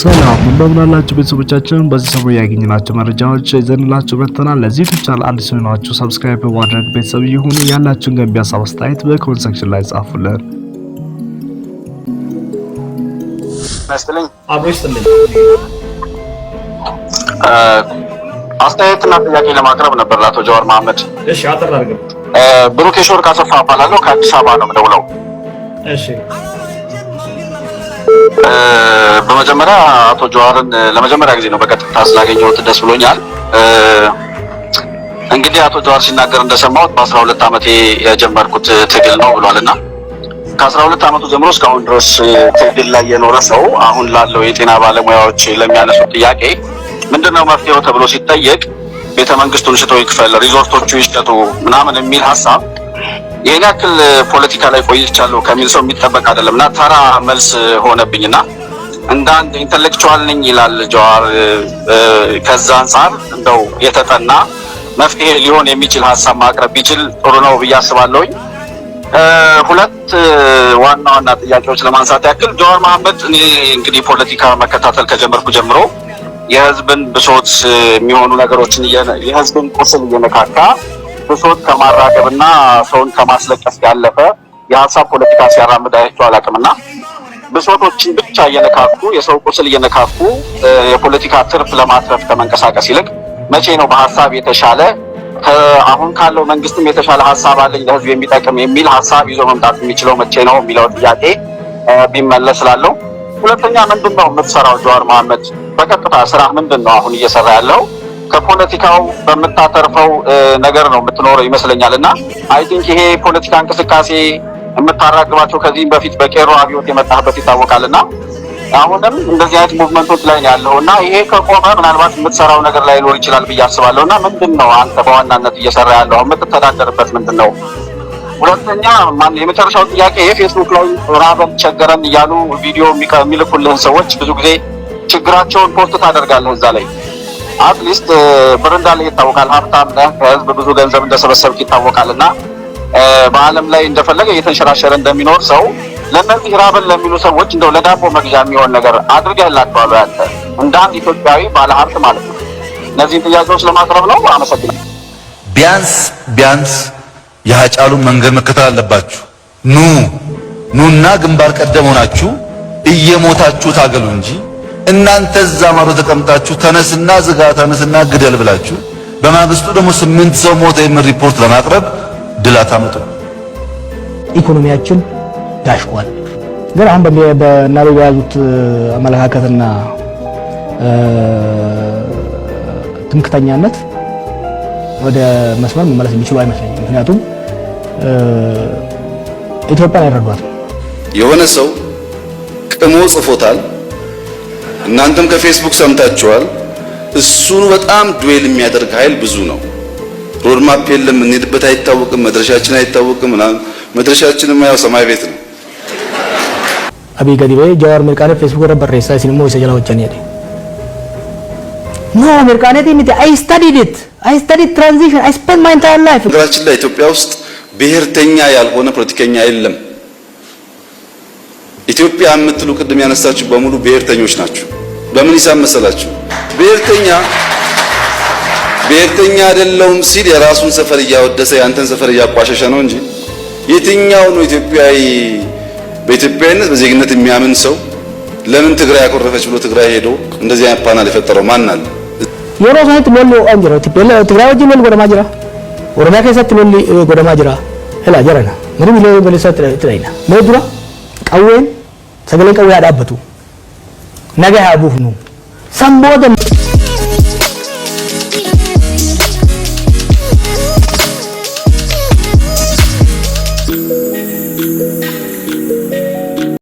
ሰላም እንደምናላችሁ ቤተሰቦቻችን፣ በዚህ ሰሞን ያገኘናቸው መረጃዎች ይዘንላችሁ መጥተናል። ለዚህ ቻናል አዲስ የሆናችሁ ሰብስክራይብ በማድረግ ቤተሰብ ይሁን ያላችሁን ገንቢ ሀሳብ አስተያየት በኮሜንት ሴክሽን ላይ ጻፉልን። አስተያየትና ጥያቄ ለማቅረብ ነበር ለአቶ ጀዋር መሀመድ። እሺ፣ አጥራ ብሩኬ ሾርቅ አሰፋ እባላለሁ ከአዲስ አበባ ነው የምደውለው። እሺ በመጀመሪያ አቶ ጀዋርን ለመጀመሪያ ጊዜ ነው በቀጥታ ስላገኘሁት ደስ ብሎኛል። እንግዲህ አቶ ጀዋር ሲናገር እንደሰማሁት በአስራ ሁለት ዓመቴ የጀመርኩት ትግል ነው ብሏል እና ከአስራ ሁለት ዓመቱ ጀምሮ እስካሁን ድረስ ትግል ላይ የኖረ ሰው አሁን ላለው የጤና ባለሙያዎች ለሚያነሱት ጥያቄ ምንድነው መፍትሄው ተብሎ ሲጠየቅ ቤተ መንግስቱን ሽቶ ይክፈል፣ ሪዞርቶቹ ይሸጡ ምናምን የሚል ሀሳብ ይህን ያክል ፖለቲካ ላይ ቆይቻለሁ ከሚል ሰው የሚጠበቅ አይደለም እና ተራ መልስ ሆነብኝና እንደ አንድ ኢንተሌክቹዋል ነኝ ይላል ጀዋር። ከዛ አንጻር እንደው የተጠና መፍትሄ ሊሆን የሚችል ሀሳብ ማቅረብ ቢችል ጥሩ ነው ብዬ አስባለሁኝ። ሁለት ዋና ዋና ጥያቄዎች ለማንሳት ያክል ጀዋር መሀመድ፣ እኔ እንግዲህ ፖለቲካ መከታተል ከጀመርኩ ጀምሮ የህዝብን ብሶት የሚሆኑ ነገሮችን የህዝብን ቁስል እየነካካ ብሶት ከማራገብ እና ሰውን ከማስለቀስ ያለፈ የሀሳብ ፖለቲካ ሲያራምድ አይቼው አላውቅም እና ብሶቶችን ብቻ እየነካኩ የሰው ቁስል እየነካኩ የፖለቲካ ትርፍ ለማትረፍ ከመንቀሳቀስ ይልቅ መቼ ነው በሀሳብ የተሻለ አሁን ካለው መንግስትም የተሻለ ሀሳብ አለኝ ለህዝብ የሚጠቅም የሚል ሀሳብ ይዞ መምጣት የሚችለው መቼ ነው የሚለው ጥያቄ ቢመለስ ላለው። ሁለተኛ ምንድን ነው የምትሰራው ጀዋር መሀመድ በቀጥታ ስራ ምንድን ነው አሁን እየሰራ ያለው? ከፖለቲካው በምታተርፈው ነገር ነው የምትኖረው ይመስለኛል። እና አይ ቲንክ ይሄ ፖለቲካ እንቅስቃሴ የምታራግባቸው ከዚህም በፊት በቄሮ አብዮት የመጣህበት ይታወቃል። እና አሁንም እንደዚህ አይነት ሙቭመንቶች ላይ ነው ያለው እና ይሄ ከቆመ ምናልባት የምትሰራው ነገር ላይ ሊኖር ይችላል ብዬ አስባለሁ። እና ምንድን ነው አንተ በዋናነት እየሰራ ያለው የምትተዳደርበት ምንድን ነው? ሁለተኛ ማን የመጨረሻው ጥያቄ የፌስቡክ ላይ ራበን ቸገረን እያሉ ቪዲዮ የሚልኩልህን ሰዎች ብዙ ጊዜ ችግራቸውን ፖስት ታደርጋለህ እዛ ላይ አትሊስት ብር ላይ ይታወቃል። ሀብታም ነህ፣ ከህዝብ ብዙ ገንዘብ እንደሰበሰብክ ይታወቃል። እና በአለም ላይ እንደፈለገ እየተንሸራሸረ እንደሚኖር ሰው ለእነዚህ ራበን ለሚሉ ሰዎች እንደው ለዳቦ መግዣ የሚሆን ነገር አድርገህላቸዋል ያንተ እንደ አንድ ኢትዮጵያዊ ባለሀብት ማለት ነው። እነዚህን ጥያቄዎች ለማቅረብ ነው። አመሰግናለሁ። ቢያንስ ቢያንስ የሀጫሉን መንገድ መከተል አለባችሁ። ኑ ኑና ግንባር ቀደም ሆናችሁ እየሞታችሁ ታገሉ እንጂ እናንተ እዛ ማዶ ተቀምጣችሁ ተነስና ዝጋ፣ ተነስና ግደል ብላችሁ በማግስቱ ደግሞ ስምንት ሰው ሞተ የሚል ሪፖርት ለማቅረብ ድላ አታመጡ። ኢኮኖሚያችን ዳሽቋል። ግን አሁን በናሮ የያዙት አመለካከትና ትምክተኛነት ወደ መስመር መመለስ የሚችሉ አይመስለኝም። ምክንያቱም ኢትዮጵያን አይረዷትም። የሆነ ሰው ቅሞ ጽፎታል እናንተም ከፌስቡክ ሰምታችኋል። እሱን በጣም ዱዌል የሚያደርግ ኃይል ብዙ ነው። ሮድማፕ የለም፣ እንሄድበት አይታወቅም፣ መድረሻችን አይታወቅም። መድረሻችንም ያው ሰማይ ቤት ነው። አቢ ገዲበ ጀዋር መርቃኔ ፌስቡክ ወረ በሬሳ ሲኒሞ ይሰጀላ ወቸን ይሄ ኖ መርቃኔ ዲሚት አይ ስታዲድ ኢት አይ ስታዲድ ትራንዚሽን አይ ስፔንድ ማይ ኢንታየር ላይፍ ሀገራችን ላይ ኢትዮጵያ ውስጥ ብሔርተኛ ያልሆነ ፖለቲከኛ የለም። ኢትዮጵያ የምትሉ ቅድም ያነሳችሁ በሙሉ ብሔርተኞች ናችሁ። በምን ሂሳብ መሰላችሁ? ብሔርተኛ ብሔርተኛ አይደለሁም ሲል የራሱን ሰፈር እያወደሰ ያንተን ሰፈር እያቋሸሸ ነው እንጂ የትኛው ነው ኢትዮጵያዊ በኢትዮጵያዊነት በዜግነት የሚያምን ሰው ለምን ትግራይ ያኮረፈች ብሎ ትግራይ ሄዶ እንደዚህ አይነት ፓናል የፈጠረው ማን አለ? የሮ ሳይት ሞሎ አንጀራ ትፔለ ትግራይ ወጂ ሞሉ ጎደማ ጅራ ኦሮሚያ ከሰት ሞሉ ጎደማ ጅራ ሄላ ጀራና ምንም ይለው በለሰት ትራይና ሞድራ ቀዌን ሰገለ ቀዌ ያዳበቱ ነገ ያቡፍኑ ሰንቦደ